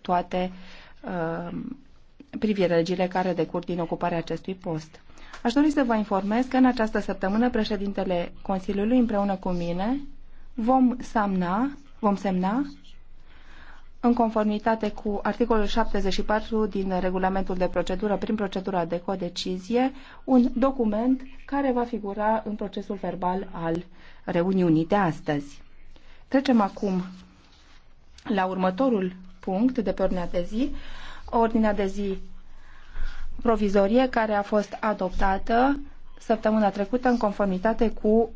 toate uh, privilegiile care decurg din ocuparea acestui post. Aș dori să vă informez că în această săptămână președintele Consiliului împreună cu mine vom semna, vom semna în conformitate cu articolul 74 din regulamentul de procedură prin procedura de codecizie, un document care va figura în procesul verbal al reuniunii de astăzi. Trecem acum la următorul punct de pe ordinea de zi, ordinea de zi provizorie care a fost adoptată săptămâna trecută în conformitate cu